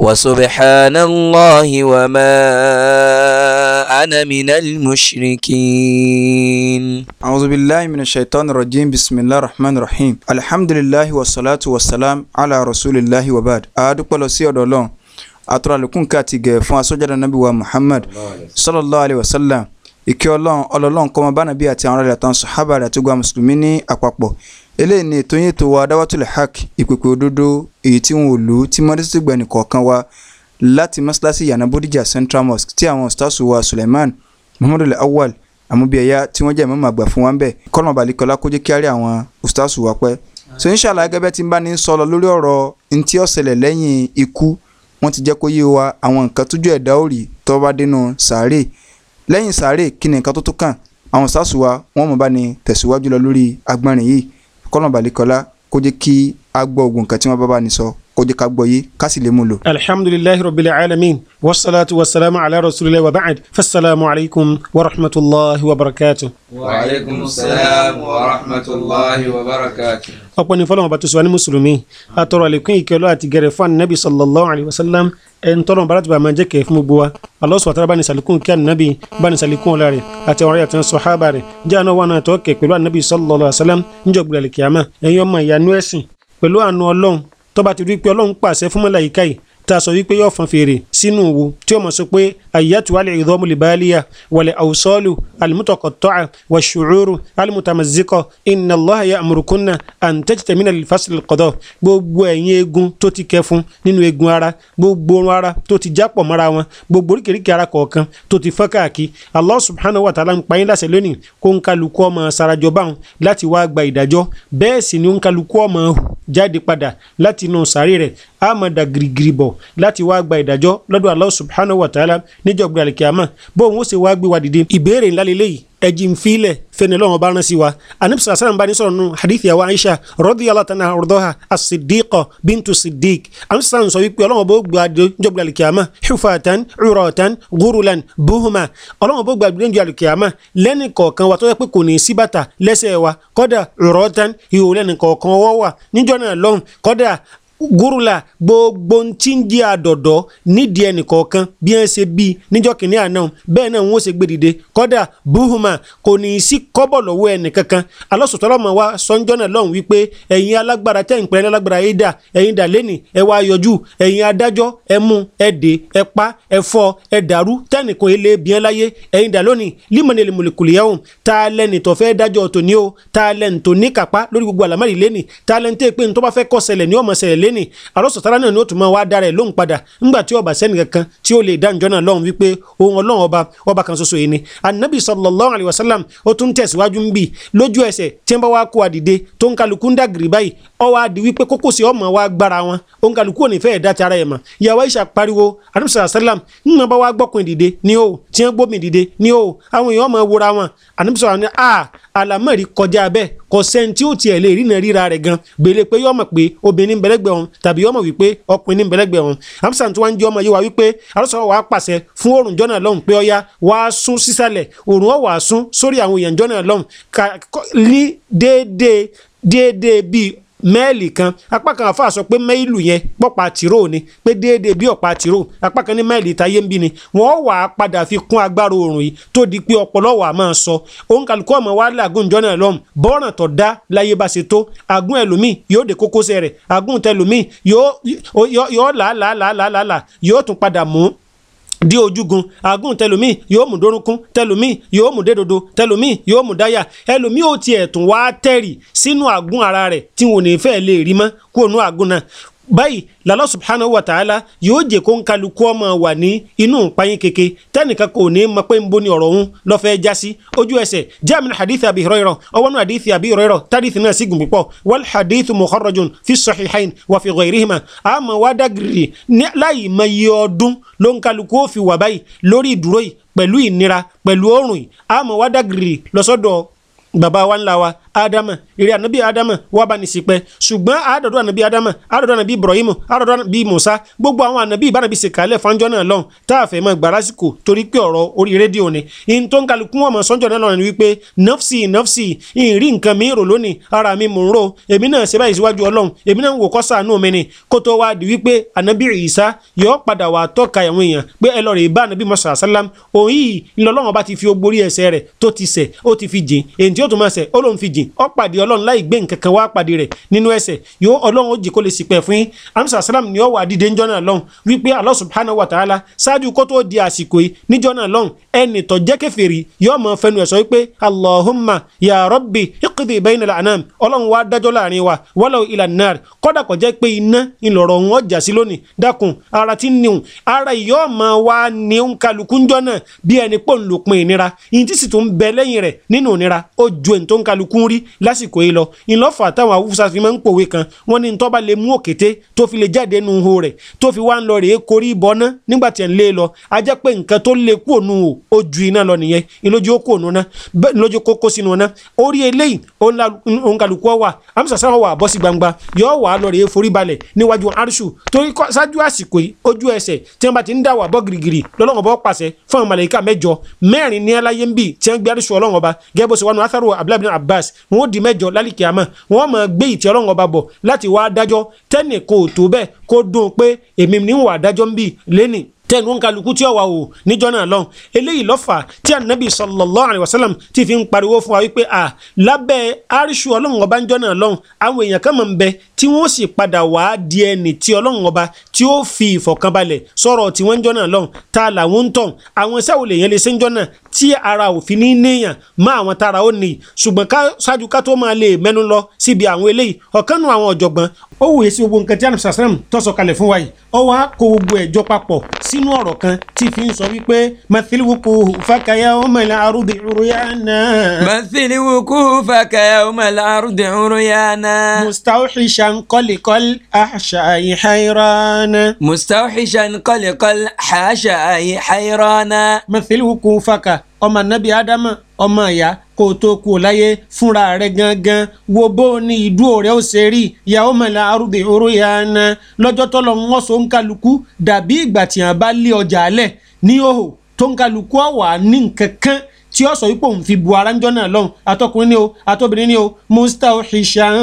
وسبحان الله وما أنا من المشركين أعوذ بالله من الشيطان الرجيم بسم الله الرحمن الرحيم الحمد لله والصلاة والسلام على رسول الله وبعد أدوك بلوسي أدولون أترى لكم كاتي فان سجد النبي محمد صلى الله عليه وسلم ìkẹ́ ọlọ́run ọlọ́run kó máa bá nàbí àti àwọn ọ̀rẹ́dà tán sọ̀hábà rẹ̀ àti gba mùsùlùmí ní àpapọ̀ eléyìí ni ètò yín ètò wa dáwọ́tòlẹ̀ hak ìpèpè òdodo èyí tí wọn ò lò ó tí mọ́dé tó gbà nìkọ̀ọ̀kan wa láti mọ́ṣáláṣí yànnà bódìjà central mosque tí àwọn ọ̀sítàṣù wa suleiman muhammadu awal amúbíyẹyà tí wọ́n jẹ́ ìmọ̀ọ́mọ̀ àgbà fún wa ń bẹ̀ kọ́nà balikọ́lá so inṣàlá gẹ́gẹ́ tí n bá ní sọ lọ lórí ọ̀rọ̀ ntí ó ṣẹlẹ̀ lẹ́yìn ikú wọ́n ti jẹ́ lẹ́yìn sáré kí ni nǹkan tó tún kàn àwọn sars wa wọ́n mọ̀ bá ní tẹ̀síwájú lọ lórí agbọ́nrin yìí kọ́nà balẹ̀kọ́lá kó jẹ́ kí a gbọ́ ogun nǹkan tí wọ́n bá bá ní sọ kó jẹ́ ká gbọ́ yé ká sì lè mú lò. alhamdulilayi rabbil alamin wasalaatu wasalaamu ala rasulilayi wa ba'ad fasalaamu alaykum wa rahmatulahi wa barakatu. wa aleykum salaam wa rahmatulahi wa barakatu. ọ̀pọ̀ ní fọlọ́mọba tó sọ wá ní mùsùlùmí àtọ̀rọ̀ àlékún ìkẹ́lọ́ àti gẹ̀rẹ̀ fún anabi sallallahu alayhi wa sallam ntọlọn baara tuba man jẹ́ kẹ́ fún gbogbo wa Allah subhanahu wa ta'ala bá ni salikun anabi bá ni salikun ọlá rẹ̀ àti ọ̀rẹ́ àti sọhábà rẹ̀ jẹ́ àná wà náà tọ́ kẹ́ pẹ̀lú anabi sallallahu alaihi wasallam njọ gbẹlẹ kiyama ẹ̀yin ọmọ ìyanu ẹ̀sìn pẹ̀lú àánú Ọlọ́run tó bá ti rí i pé ọlọ́run pàṣẹ fún màláíkà yìí tá a sọ wípé yóò fọn fèrè sínú wo tí ó mọ̀ sọ pé àyàtú alẹ́ ìdọ́mú libaliya wàlẹ̀ àwùsọ́ọ̀lù alimutọ̀kọ̀tọ́à wà ṣùcúrù alimutamazikọ̀ iná lọ́hà ya àmùrùkúnà àǹtẹ̀jìtẹ̀mínà lìfásílì kọ̀dọ̀ gbogbo ẹ̀yìn eegun tó ti kẹfun nínú eegun ara gbogbo orun ara tó ti jápọ̀ mọ́ra wọn gbogbo oríkèéríkèé ara kọ̀ọ̀kan tó ti fọ́n káàkiri Allah subhanahu wa ta'ala ń pa yín láṣẹ lónìí kó ń kálukú ọmọ sarajọba hàn láti wá gba ìdájọ́ bẹ́ẹ̀ sì ni ó ń kálukú ọmọ jáde padà láti inú sàárè rẹ̀ a máa da girigiri bọ̀ láti wá gba ìdájọ́ lọ́dọ̀ Allah subhanahu wa ta'ala níjọ́ gbé alikiyama bó òun ó sì wá gbé wa dìde ìbéèrè ńlá lélẹ́yìí ẹjì ń filẹ̀ fẹ́ni lọ́wọ́ bá rán sí wa anabi sàlá sàlá ń bá ní sọ̀rọ̀ nù hadith yàwó aisha radiyallahu ta'ala ọ̀rọ̀dọ́ha as-siddiqa bintu siddiq anabi sàlá ń sọ wípé ọlọ́wọ́ bó gba jọ́gbìlá alikiyama hufatan uratan gurulan buhuma ọlọ́wọ́ bó gba jọ́gbìlá alikiyama lẹ́ni kọ̀ọ̀kan wa tó yẹ pé kò ní sí bàtà lẹ́sẹ̀ wa kọ́dà uratan ihò lẹ́ni kọ̀ọ̀kan wọ́ wa níjọ́ náà lọ́hùn kọ́dà gúrúlà gbogbo tí ń jẹ́ àdọ̀dọ̀ nídìí ẹnìkọ̀ọ̀kan bí wọ́n ṣe bí níjọ́ kìnínní àná bẹ́ẹ̀ náà wọ́n ṣe gbé dìde kọ́dà buhuma kò ní í sí kọ́bọ̀ lọ́wọ́ ẹnìkankan alọ́sọ̀tọ́lọ́mọ wa sọ́njọ́ náà lọ́hùn wípé ẹ̀yin alágbára tẹ́ ń pẹ́rẹ́ alágbára yìí dà ẹ̀yin dà lẹ́nì ẹ wá yọjú ẹ̀yin adájọ́ ẹ mú ẹ dè ẹ pa ẹ fọ ẹ dàrú tẹ́nìkan ilé bí wọ́n láyé ẹ̀yin dà lónìí límọ̀nì lèmùlẹ̀kùlìyàwó ta lẹ́nì tó fẹ́ dájọ́ tòní o ta lẹ́nì tó ní kápá lórí gbogbo àlámọ́rì lẹ́nì ta lẹ́nì tó pé ní tó bá fẹ́ kó ṣẹlẹ̀ ní ó máa ṣẹlẹ̀ lẹ́nì àròsọ̀tara náà ni ó tún máa wá dára ẹ̀ lóhùn padà ńgbà tí ọba sẹ́nì kankan tí ó lè dá ìjọ náà lọ́hùn wípé ohun ọlọ́run ọba ọba kan ṣoṣo yìí ni anabi sallallahu alayhi wa sallam ó tún tẹ̀síwájú ń bì lójú ẹsẹ̀ tí wọ́n bá wá kó àdìde tó ń kálukú ń dàgìrì báyìí ọwọ́ adi wípé kókósì ọmọ wa gbára wọn òǹkàlùkù òní fẹ́ẹ̀ dá tara ẹ̀ mọ̀ ìyàwó Aisha pariwo anamisa salam nínú bá wa gbọ́kùn dìde ní o tí wọ́n gbómi dìde ní o àwọn èèyàn ọmọ wura wọn anamisa wa ni a alamẹ́rì kọjá bẹ́ẹ̀ kò sẹ́ni tí ó tiẹ̀ lè rìnà ríra rẹ̀ gan gbélé pé yọ́mọ̀ pé obìnrin bẹ̀lẹ́gbẹ̀ wọn tàbí yọ́mọ̀ wípé ọkùnrin bẹ̀lẹ́gbẹ̀ wọn anamisa tí wọ́n ń jẹ́ ọmọ yìí wá wípé arọ́sọ̀rọ̀ wàá pàṣẹ fún oòrùn jọ́nà lọ́hùn pé ọya wàá sún sísàlẹ̀ oòrùn ọ̀ wàá sórí àwọn èèyàn jọ́nà lọ́hùn ní déédéé déédéé bíi mẹ́ẹ̀lì kan apá kan àfa sọ pé mẹ́ìlù yẹn pọ̀pá tìró ni pé déédéé bí ọ̀pá tìró apá kan ní mẹ́ẹ̀lì táyé ń bí ni wọ́n wà á padà fi kún agbára oòrùn yìí tó di pé ọpọlọ wà á máa sọ òun kàlùkù ọmọ wa làágùn jọ náà lọ́mù bọ́ọ̀ràn tó dá láyé bá ṣe tó agún ẹlòmíì yóò dé kókósẹ̀ rẹ̀ agún tẹlòmíì yóò làálàálàálàá yóò tún padà mú di ojúgun agún tẹlòmíì yóò mú dórúnkún tẹlòmíì yóò mú dédodo tẹlòmíì yóò mú dáyà ẹlòmíì ò tiẹ̀ tún wá tẹ̀rì sínú agún ara rẹ̀ tí wọn ò ní fẹ́ lè rí mọ́ kó nu agún náà báyìí lálọ́ subhanahu wa ta'ala yóò jẹ́ kó ń kálukú ọmọ wà ní inú payín keke tẹ́nìkan kò ní mọ pé ń bo ni ọ̀rọ̀ òun lọ́fẹ́ já sí ojú ẹsẹ̀ jẹ́min hadith abi hurairah ọwọ́n hadith abi hurairah tádìsí náà sì gùn púpọ̀ wal hadith mukharrajun fi sahihain wa fi ghayrihima àmọ́ wá dàgìrì láì mọ iye ọdún ló ń kálukú ó fi wà báyìí lórí ìdúró yìí pẹ̀lú ìnira pẹ̀lú òrùn yìí àmọ́ wá dàgìrì lọ́sọ́dọ̀ bàbá wa ńlá wa adama ìrẹ anabi adama wà bá ní ṣìpẹ̀ ṣùgbọ́n àádọdọ anabi adama àádọdọ anabi ibrahim àádọdọ anabi musa gbogbo àwọn anabi ìbánabi ṣèkálẹ fanjọ náà lọhùn tá a fẹ́ mọ gbàrásìkò torí pé ọ̀rọ̀ orí rédíò ni in tó ń kálukú wọn mọ sọjọ náà lọrọ ni wípé nọfsì nọfsì ìrì nǹkan mi rò lónìí ara mi mò ń rò èmi náà ṣe báyìí síwájú Ọlọ́run èmi náà ń wò kọ sàánú mi ni kó tó wá di wípé anabi ìsá yọ padà wà tọ́ka àwọn èèyàn pé ẹ lọ rè bá anabi mọṣà sálám òun yìí ńlọlọ́wọ́n bá ti fi ogbórí ẹsẹ̀ rẹ̀ tó ti sẹ̀ ó ti fi jìn èyí tí ó tún máa sẹ̀ ó lóun fi jìn ó pàdé ọlọ́run láì gbé nǹkan kan wá pàdé rẹ̀ nínú ẹsẹ̀ yóò ọlọ́run ó jì kó lè sì pẹ̀ fún yín amsa salam ni ó wà dídé ńjọ́ náà lọ́hùn wípé Allah subhanahu wa ta'ala ṣáájú kó tó di àsìkò yìí níjọ́ náà lọ́hùn ẹnì tó jẹ́ kèfèrí yóò mọ fẹnu ẹ̀ sọ wípé Allahumma ya Rabbi iqdi bayna al-anam ọlọ́run wá dájọ́ láàrin wa walaw ila an-nar kọ́dà kó jẹ́ pé iná ìlọ̀rọ̀ wọn jà sí lónìí dákun ara ti níhun ara yóò mọ wá níhun kálukú ńjọ́ bí ẹni pò ń lòpin ìnira ìyìn tí sì tún bẹ lẹ́yìn rẹ̀ nínú ìnira ó ju ẹni tó ń lórí lásìkò yìí lọ ìlọ́fà táwọn awúsá fi máa ń pòwe kan wọ́n ní tọ́ba lè mú òkété tó fi lè jáde nu ihò rẹ̀ tó fi wá ń lọ rèé korí ìbọná nígbà tí ẹ̀ ń lé lọ a pé nǹkan tó lè kú ònu o ju iná lọ nìyẹn ìlójú kó ònu ná lójú kókó sínú ọ̀nà orí eléyìí òǹkàlùkù ọ̀wà amúsàsáwọ̀ wà bọ́ sí gbangba yóò wà lọ rèé forí balẹ̀ níwájú arṣu torí ṣáájú àsìkò ojú ẹsẹ̀ tí wọ́n bá ti ń dà wà bọ́ girigiri lọ́lọ́wọ́ bọ́ pàṣẹ fún àwọn màlàíkà mẹ́jọ mẹ́rin ní aláyé ń bì tí wọ́n gbé arṣu ọlọ́wọ́ bá gẹ́gẹ́ bó ṣe abbas wọn ó di mẹ́jọ lálìkí àmọ́ wọn máa gbé ìtì ọlọ́run ọba bọ̀ láti wá dájọ́ tẹ́nì kò tó bẹ́ẹ̀ kó dùn pé èmi ní wà dájọ́ ń bì lẹ́nìí tẹnu nkaluku tí ó wà o níjọ náà lọ eléyìí lọ́fà tí anabi sallallahu alayhi wa sallam ti fi ń pariwo fún wa wípé a lábẹ́ arísù ọlọ́run ọba níjọ náà lọ àwọn èèyàn kan máa ń bẹ tí wọ́n sì padà wá di ẹni tí ọlọ́run ọba tí ó fi ìfọ̀kànbalẹ̀ sọ̀rọ̀ tí wọ́n níjọ náà lọ ta làwọn ń tàn àwọn iṣẹ́ wo lè ṣe níjọ náà tí ara òfin ní níyàn má àwọn tára ó nìyí ṣùgbọ́n ṣáájú ká tó máa lè mẹ́nu lọ síbi àwọn eléyìí ọ̀kan nu àwọn ọ̀jọ̀gbọ́n ó wòye sí gbogbo nǹkan tí anamsa sẹ́rẹ̀m tọ́sọ̀ kalẹ̀ fún wa yìí ó wá kó gbogbo ẹ̀jọ́ papọ̀ sínú ọ̀rọ̀ kan tí fi ń sọ wípé mathiliwuku fakaya omela arudi uruyana. mathiliwuku fakaya omela arudi uruyana. mustawxishan kọ́likọ́l àṣà yìí xayrana. mustawxishan kọ́likọ́l àṣà yìí xayrana. mathiliwuku fakaya ọmọ anabi adama ọmọ ìyá kó o tó kú o láyé fúnra rẹ gangan wo bó o ní ìdúró rẹ ó ṣe rí ìyàwó mẹ́la arúgbó oró ya na lọ́jọ́ tọ́lọ ń wọ́n so ń kálukú dàbí ìgbà tí wọ́n bá lé ọjà alẹ̀ ní òhò tó ń kálukú ọ̀wà ní nǹkan tí ó sọ wípé òun fi bu ara ń jọ́nà lọ́hùn àtọkùnrin ni o àtọbìnrin ni o mustahishan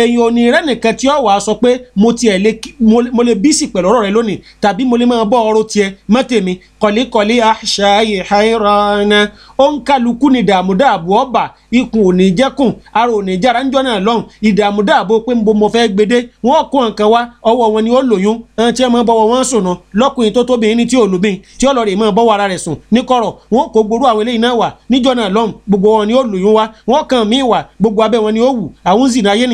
èyàn ò ní rẹ́ nìkan tí ó wà á sọ pé mo tiẹ̀ lè mo lè bísì pẹ̀lú ọ̀rọ̀ rẹ lónìí tàbí mo lè máa bọ́ ọ̀rọ̀ tiẹ̀ mọ́tèmi kọ̀líkọ̀lí àṣà ìhàìrànà ó ń kálukú ní ìdààmú dààbò ọba ikùn ò ní jẹ́kùn ara ò ní jára ńjọ́ lọ́hùn ìdààmú pé ń bo gbede wọ́n kó wá ọwọ́ wọn ni ó lòyún ẹn tí ẹ bọ́wọ́ wọn sùn náà lọ́kùnrin tó tóbi ní tí ò lùbìn tí ó lọ rè mọ bọ́wọ́ ara rẹ̀ sùn ní kọ̀rọ̀ gbogbo wọn ni ó lòyún wá wọn kàn gbogbo abẹ́ wọn ni ó wù àwọn ń ayé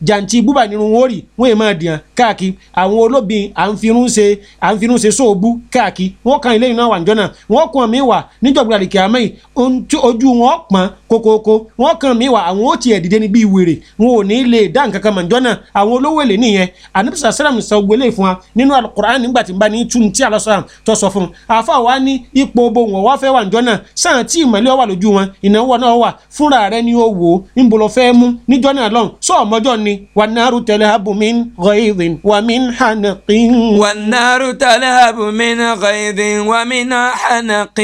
nìyẹn ibú bá nírun wọn ò rì wọn è máa dìyàn káàkiri àwọn olóbìn à ń firun ṣe à ń firun ṣe sóòbù káàkiri wọn kan ilé iná wà náà wọn kan mi wà níjọba àdìkì àmọ́yìn ojú wọn pọ́n kokoko wọn wà àwọn ó tiẹ̀ dìde ní wèrè wọn ò ní lè dá kan náà àwọn olówó èlé nìyẹn anabisa sẹlẹm sọ gbélé fún wa nínú alukur'an nígbà tí n bá ní tún tí alọ́sàn tó sọ fún un wa ní ipò bo wọn wá fẹ́ wà níjọ náà sàn tí ìmọ̀lẹ́ wà lójú wọn ìnáwó náà wà fúnra rẹ ni ó wò ń bolo fẹ́ sọ ni والنار تلهب من غيظ ومن حنق والنار تلهب من غيظ ومن حنق.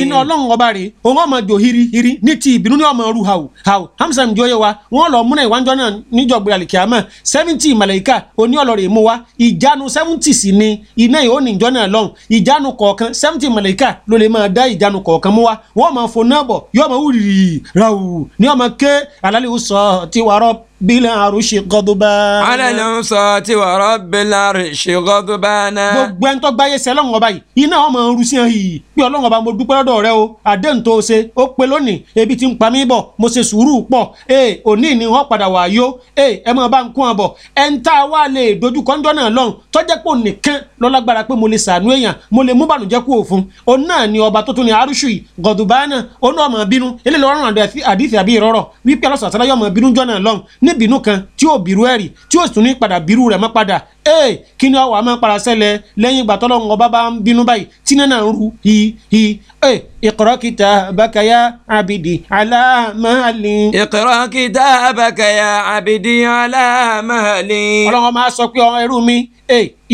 iná ọlọ́run ọba rẹ̀ òun ọmọ jò hirihiri ní ti ìbínú ní ọmọ ru hàù hàù hamsa njoye wa wọn lọ múnà ìwájọ náà níjọgbìn àlìkíámà seventy màláíkà oní ọlọ́rẹ̀ mú wa ìjánu seventy sì ni iná yìí ó ní ìjọ náà lọ́hùn ìjánu kọ̀ọ̀kan seventy màláíkà ló lè máa dá ìjánu kọ̀ọ̀kan mú wa wọn máa fò náà bọ̀ yóò máa wúrì ràù ní ọmọ ké alálẹ́ òsọ̀ tiwárọ̀ بالعرش غضبان على الانصات ورب العرش غضبان gbogbo ẹni tó gbáyé sí ọlọ́run ọba yìí iná ọmọ ọrùn sí ẹ̀yìn pé ọlọ́run ọba mo dúpẹ́ lọ́dọ̀ rẹ o àdéhùn tó ṣe ó pé lónìí ebi ti ń pa mí bọ̀ mo ṣe sùúrù pọ̀ ee òní ni wọ́n padà wà yó ee ẹ máa bá ń kún àbọ̀ ẹ ń tá a wá lè dojú kọ́ńjọ́ náà lọ́run tọ́jẹ́ pò nìkan lọ́lágbára pé mo lè sàánú èèyàn mo lè mú bànújẹ́ kú òfun òun náà ni ọba tó tún ní yìí gọ̀dùbánà ó náà mọ̀ bínú eléyìí lọ́rùn àdìsí àbí ìrọ̀rọ̀ wípé alọ́sàtàlá yọ̀ mọ̀ bínú jọ náà lọ́run ní oníbínú kan tí ò bírú ẹ̀rì tí ò tún ní padà bírú rẹ̀ mọ́ padà ee kí ni ọwọ́ a máa para sẹ́lẹ̀ lẹ́yìn ìgbà tọ́lọ́ ọba bá ń bínú báyìí tí náà ń ru hi hi ee اقرأ كتابك يا عبدي على مهلي اقرأ كتابك يا عبدي على مهلي ọlọ́run máa sọ pé ọ̀rọ̀ ẹrú mi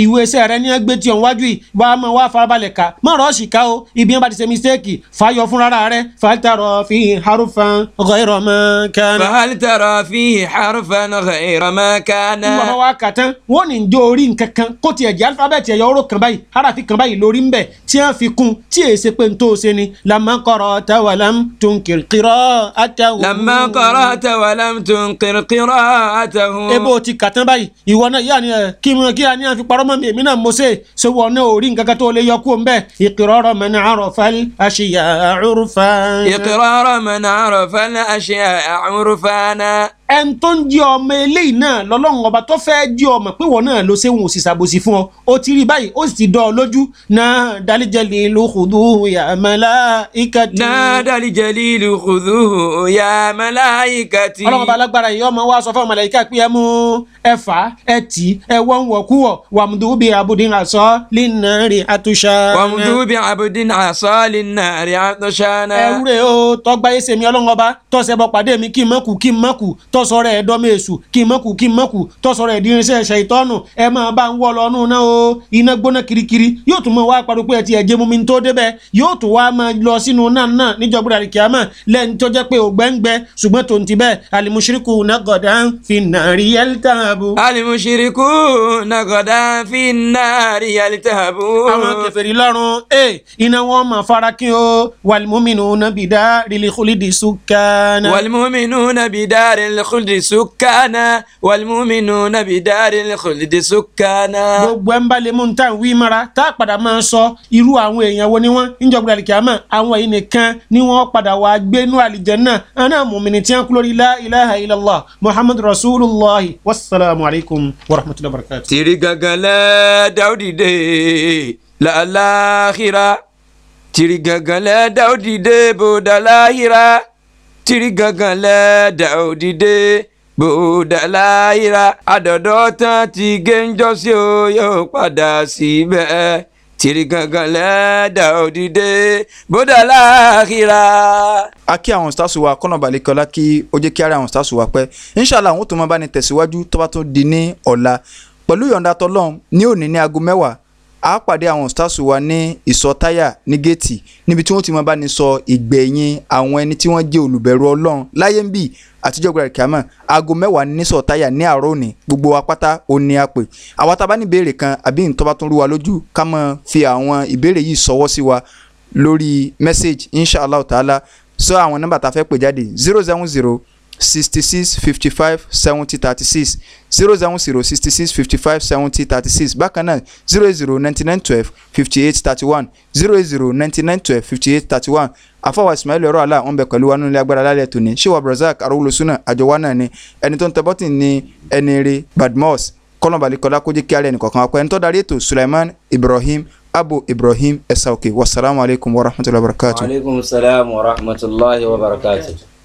ìwé iṣẹ́ rẹ ní ẹgbẹ́ tí ọ̀n wájú yìí wàá máa wá farabalẹ̀ ká má rọ́ọ̀ṣì ká o ibi yẹn bá ti ṣe mistake fàyọ fún rárá rẹ fàlítàrọ̀ fi harufan ghayra ma kana. fàlítàrọ̀ fi harufan ghayra ma kana. nígbà wọn wá kà tán wọn ní njó orí nǹkan kan kó tiẹ̀ jẹ́ alifábẹ́ẹ̀tì ẹ̀yọ́ oró kan báyìí harafi kan báyìí lórí ń bẹ̀ tí لما قرأت ولم تنكر قراءته. لما قرأت ولم تنكر قراءته. ebo ti kàtán báyìí ìwọ náà yíyá ni ẹ kí mo kí ni a fi parọ́ mọ́ mi èmi náà mo ṣe ṣé wọn náà ò rí nǹkan kan tó lè yọ kú ń bẹ́. ìkìrọ̀rọ̀ man arafa al-ashya'a ẹn tó ń jẹ ọmọ eléyìí náà lọ́lọ́run ọba tó fẹ́ jẹ ọmọ pé wọ́n náà ló ṣe wọn ò sì fún ọ ó ti rí báyìí ó sì ti dán ọ lójú náà dálijẹlì ló kùdú ya malaikati. náà dálijẹlì ló kùdú ya malaikati. ọlọ́run ọba alágbára yìí ọmọ wa sọ fún màláíkà pé ẹ mú ẹ fà ẹ tì ẹ wọ́n wọ̀ kú wọ̀ wàmùdú abudin àṣọ lìnàrí àtúnṣe. o tọgbà ẹsẹ mi ọlọ́run ọba tọ́sẹ̀ bọ pàdé mi tọ́sọ̀rọ̀ ẹ̀ dọ́mọ èṣù kí mọ́kù kí mọ́kù tọ́sọ̀rọ̀ ẹ̀ dírinṣẹ́ ẹ̀ṣẹ̀ ìtọ́nù ẹ máa bá ń wọ́ lọ nù náà o iná gbóná kirikiri yóò tún mọ wá pariwo pé ẹ ti ẹ̀jẹ̀ mumi tó débẹ̀ yóò tún wá máa lọ sínú náà náà níjọba àríkíámà lẹ́ni tó jẹ́ pé ògbẹ́ngbẹ́ ṣùgbọ́n tó ń ti bẹ́ẹ̀ alimushiriku nagoda fi nàárí yẹlítàbù. alimushiriku nagoda fi nàárí yẹlítàbù. àwọn kèfèrí lọ́rùn ee eh, iná wọn máa fara الخلد سكانا والمؤمنون بدار الخلد سكانا. gbogbo ẹ̀ ń balẹ̀ mú ta wí mara tá a padà máa sọ irú àwọn èèyàn wo ni wọ́n ń jọ gbọdọ̀ kíámà àwọn yìí nìkan ni wọ́n padà wá gbé inú àlìjẹ́nà àná mùmìnì tí wọ́n kú lórí la ilaha illallah muhammadu rasulillah wasalaamu alaykum wa rahmatulahi wa barakatuh. tìrì gangan lẹ́ dáwùdì dé làlàhìrà tìrì gangan lẹ́ dáwùdì dé bòdàlàhìrà tìrí gangan lẹ́ẹ̀dà òdìdé gbòdà láyìíra àdọ̀dọ̀ tán ti gé ń jọ́sí o yóò padà síbẹ̀ tìrí gangan lẹ́ẹ̀dà òdìdé gbòdà láyìíra. a kí àwọn stars wa kọ́nà balẹ̀kọ́lá kí ó jẹ́ kí ara àwọn stars wa pẹ́ inshàlá àwọn tó máa bá ní tẹ̀síwájú tó bá tún di ní ọ̀la pẹ̀lú ìyọ̀ǹda tọ́lọ́run ní òní ní aago mẹ́wàá a pàdé àwọn stars wa ní ìsọtáyà ní géètì níbi tí wọ́n ti máa bá ní sọ ìgbẹ̀yìn àwọn ẹni tí wọ́n jẹ́ olùbẹ̀rù Ọlọ́run láyé ń bì àtijọ́ gbàgbé kàmá aago mẹ́wàá ní sọtáyà ní àárọ̀ òní gbogbo apáta òní àpè àwa tá a bá ní ìbéèrè kan àbí nǹkan bá tún rú wa lójú ká máa fi àwọn ìbéèrè yìí ṣọwọ́ sí wa lórí message inshallah taala sọ àwọn nọ́mbà tá a fẹ́ pè jáde zero seven zero sixty six fifty five seventy thirty six zero seven zero sixty six fifty five seventy thirty six bákan náà zero eight zero ninety nine twelve fifty eight thirty one zero eight zero ninety nine twelve fifty eight thirty one afọwọ́ ismail ọ̀rọ̀ àlà wọn bẹ pẹ̀lú wa nínú agbára lálẹ́ tòní ṣéwà brazak arúgbólosúnà àjọwá náà ni ẹni tó ń tẹ bọ́tì ní ẹni rí badmus kọ́nàbàlíkọ́lá kó jẹ́ kí alẹ́ nìkọ̀kan apẹ́ ẹni tó darí ètò sulaiman ibrahim abu ibrahim ẹ̀sà òkè wasalaamualeykum wa rahmatulahi wa barakatu. wa aleykum salaam wa rahmatulahi wa barakatu.